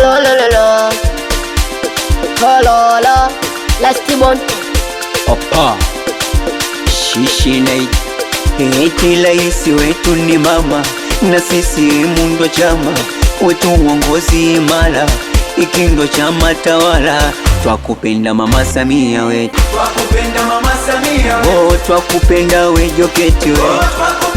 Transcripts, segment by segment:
Holololo Hololo Lastibon Opa Shishinei Eti laisi wetu ni mama na sisi mundo chama wetu uongozi imara ikindo chama tawala twakupenda mama Samia wetu twakupenda mama Samia wetu oh, twakupenda we wetu oh,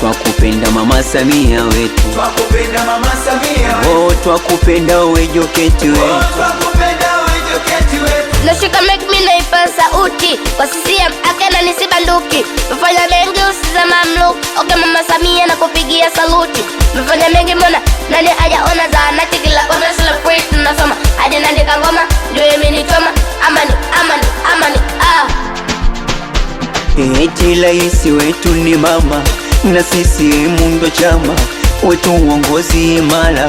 Twakupenda Mama Samia wetu, twakupenda Mama Samia wetu, oh twakupenda we wetu, oh twakupenda we JoketWetu. make me naipaza sauti kwa CCM akena nisibanduki, mfanya mengi usiza mamluki. Okay Mama Samia nakupigia saluti, mfanya mengi mbona nani hajaona zahanati kila kona sila free tunasoma hadi naandika ngoma ndio imenichoma amani amani amani ah eti raisi wetu ni mama na sisi mundo chama wetu uongozi imara,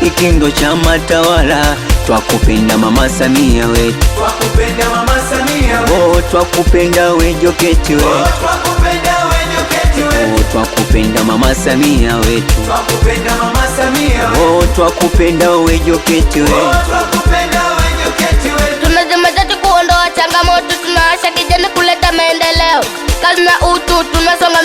ikindo chama tawala. Twakupenda mama Samia we, twakupenda mama Samia we, oh twakupenda we Joketi we, oh twakupenda we Joketi we, oh twakupenda mama Samia we, twakupenda mama Samia we, oh twakupenda we Joketi we, oh twakupenda we Joketi we. Tunajimajati kuondoa changamoto, tunawasha kijani kuleta maendeleo, kazi na utu tunasonga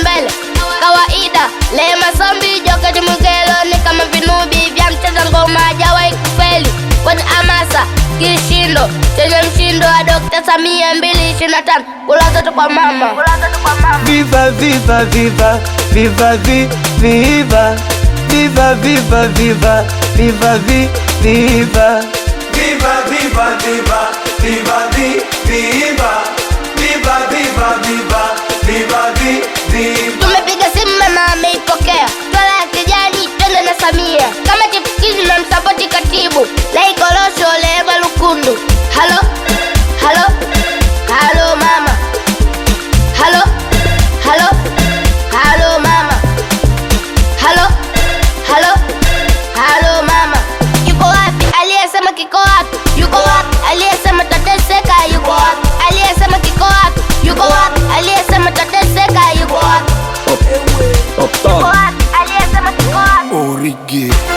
Mwanza kishindo chenye mshindo wa Dokta Samia mbili ishirini na kula zote kwa mama. Viva viva viva viva viva viva viva viva viva viva viva Kizi na msapoti katibu Lai Korosho Lehema Lukundu. Halo, halo, halo mama, halo, halo, halo mama, halo, halo, halo mama. Yuko wapi aliyesema kiko wapi? Yuko wapi aliyesema tateseka? Yuko wapi aliyesema kiko wapi? Yuko wapi aliyesema tateseka? Yuko wapi? Yuko wapi aliyesema kiko wapi? Origi.